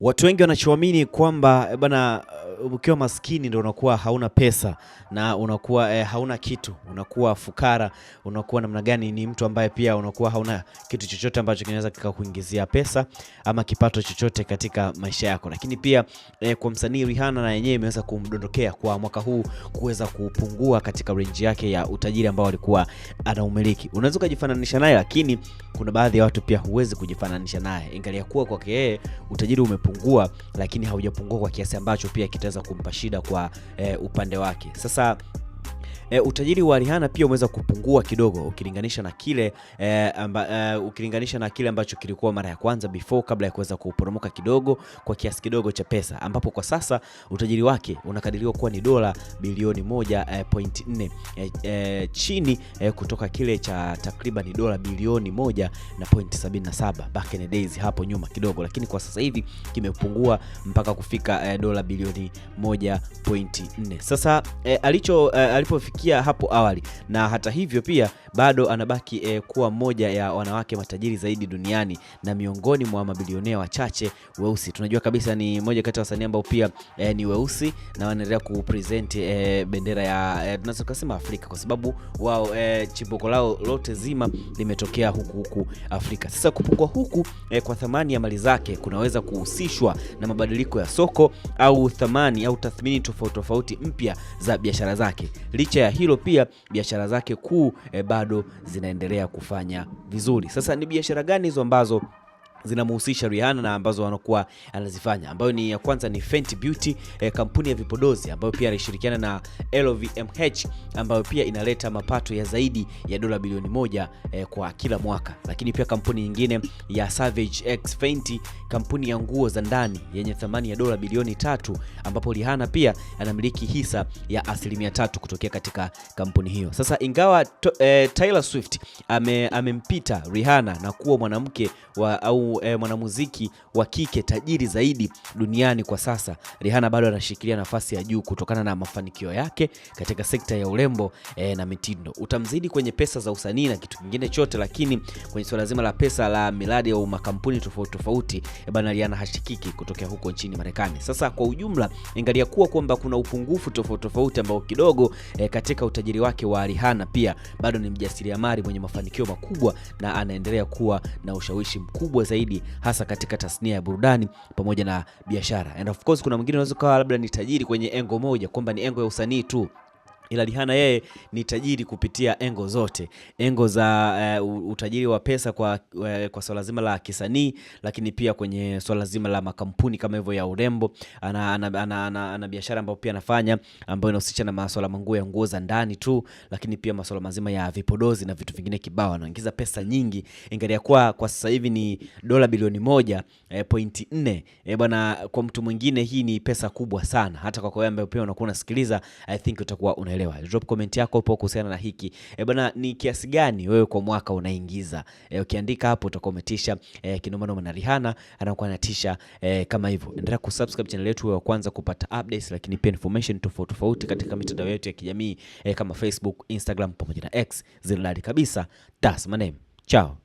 Watu wengi wanachoamini kwamba eh, bana, uh, ukiwa maskini ndio unakuwa hauna pesa na unakuwa eh, hauna kitu, unakuwa fukara, unakuwa namna gani? Ni mtu ambaye pia unakuwa hauna kitu chochote ambacho kinaweza kikakuingizia pesa ama kipato chochote katika maisha yako. Lakini pia eh, kwa msanii Rihanna na yenyewe imeweza kumdondokea kwa mwaka huu kuweza kupungua katika range yake ya utajiri ambao alikuwa anaumiliki. Unaweza ukajifananisha naye, lakini kuna baadhi ya watu pia huwezi kujifananisha naye, ingalia kuwa kwake yeye utajiri ume umepungua, lakini haujapungua kwa kiasi ambacho pia kitaweza kumpa shida kwa e, upande wake sasa e, utajiri wa Rihanna pia umeweza kupungua kidogo ukilinganisha na kile e, amba, e, ukilinganisha na kile ambacho kilikuwa mara ya kwanza before kabla ya kuweza kuporomoka kidogo kwa kiasi kidogo cha pesa, ambapo kwa sasa utajiri wake unakadiriwa kuwa ni dola bilioni 1.4 e, e, chini e, kutoka kile cha takriban dola bilioni 1.77 back in the days hapo nyuma kidogo, lakini kwa sasa hivi kimepungua mpaka kufika e, dola bilioni 1.4. Sasa e, alicho e, alipo alifikia hapo awali, na hata hivyo pia bado anabaki e, kuwa mmoja ya wanawake matajiri zaidi duniani na miongoni mwa mabilionea wachache weusi. Tunajua kabisa ni mmoja kati ya wasanii ambao pia e, ni weusi na wanaendelea kupresent e, bendera ya e, tunaweza kusema Afrika kwa sababu wao e, chimbuko lao lote zima limetokea huku huku Afrika. Sasa kupungua huku e, kwa thamani ya mali zake kunaweza kuhusishwa na mabadiliko ya soko au thamani au tathmini tofauti tofauti mpya za biashara zake licha ya hilo pia biashara zake kuu e, bado zinaendelea kufanya vizuri. Sasa ni biashara gani hizo ambazo zinamhusisha Rihanna na ambazo anakuwa anazifanya, ambayo ni ya kwanza ni Fenty Beauty eh, kampuni ya vipodozi ambayo pia alishirikiana na LVMH ambayo pia inaleta mapato ya zaidi ya dola bilioni moja eh, kwa kila mwaka. Lakini pia kampuni nyingine ya Savage X Fenty, kampuni ya nguo za ndani yenye thamani ya dola bilioni tatu ambapo Rihanna pia anamiliki hisa ya asilimia tatu kutokea katika kampuni hiyo. Sasa ingawa to, eh, Taylor Swift amempita ame Rihanna na kuwa mwanamke wa au eh, mwanamuziki wa kike tajiri zaidi duniani kwa sasa, Rihanna bado anashikilia nafasi ya juu kutokana na mafanikio yake katika sekta ya urembo eh, na mitindo. Utamzidi kwenye pesa za usanii na kitu kingine chote, lakini kwenye swala zima la pesa la miradi au makampuni tofauti tofauti, eh, bana Rihanna hashikiki kutokea huko nchini Marekani. Sasa kwa ujumla, ingalia kuwa kwamba kuna upungufu tofauti tofauti ambao kidogo eh, katika utajiri wake wa Rihanna, pia bado ni mjasiriamali mwenye mafanikio makubwa na anaendelea kuwa na ushawishi mkubwa zaidi zaidi, hasa katika tasnia ya burudani pamoja na biashara. And of course kuna mwingine unaweza ukawa labda ni tajiri kwenye engo moja, kwamba ni engo ya usanii tu ila Rihanna yeye ni tajiri kupitia engo zote, engo za uh, utajiri wa pesa kwa, uh, kwa swala zima la kisanii, lakini pia kwenye swala zima la makampuni kama hivyo ya urembo. Ana, ana, ana, ana, ana, ana biashara ambayo pia anafanya ambayo inahusisha na masuala manguo ya nguo za ndani tu, lakini pia masuala mazima ya vipodozi na vitu vingine kibao. Anaingiza pesa nyingi, ingalia kwa, kwa sasa hivi ni dola bilioni moja eh, pointi nne eh, bwana, Kwa mtu mwingine hii ni pesa kubwa sana, hata kwa kwa wewe ambaye pia unakuwa unasikiliza, I think utakuwa una umeelewa. Drop comment yako hapo kuhusiana na hiki e eh, bana, ni kiasi gani wewe kwa mwaka unaingiza e, ukiandika hapo utakuwa umetisha e, eh, kinomanoma na Rihanna anakuwa anatisha e, kama hivyo. Endelea kusubscribe channel yetu wa kwanza kupata updates, lakini pia information tofauti tofauti katika mitandao yetu ya kijamii e, kama Facebook, Instagram pamoja na X, zilidadi kabisa. That's my name. Ciao.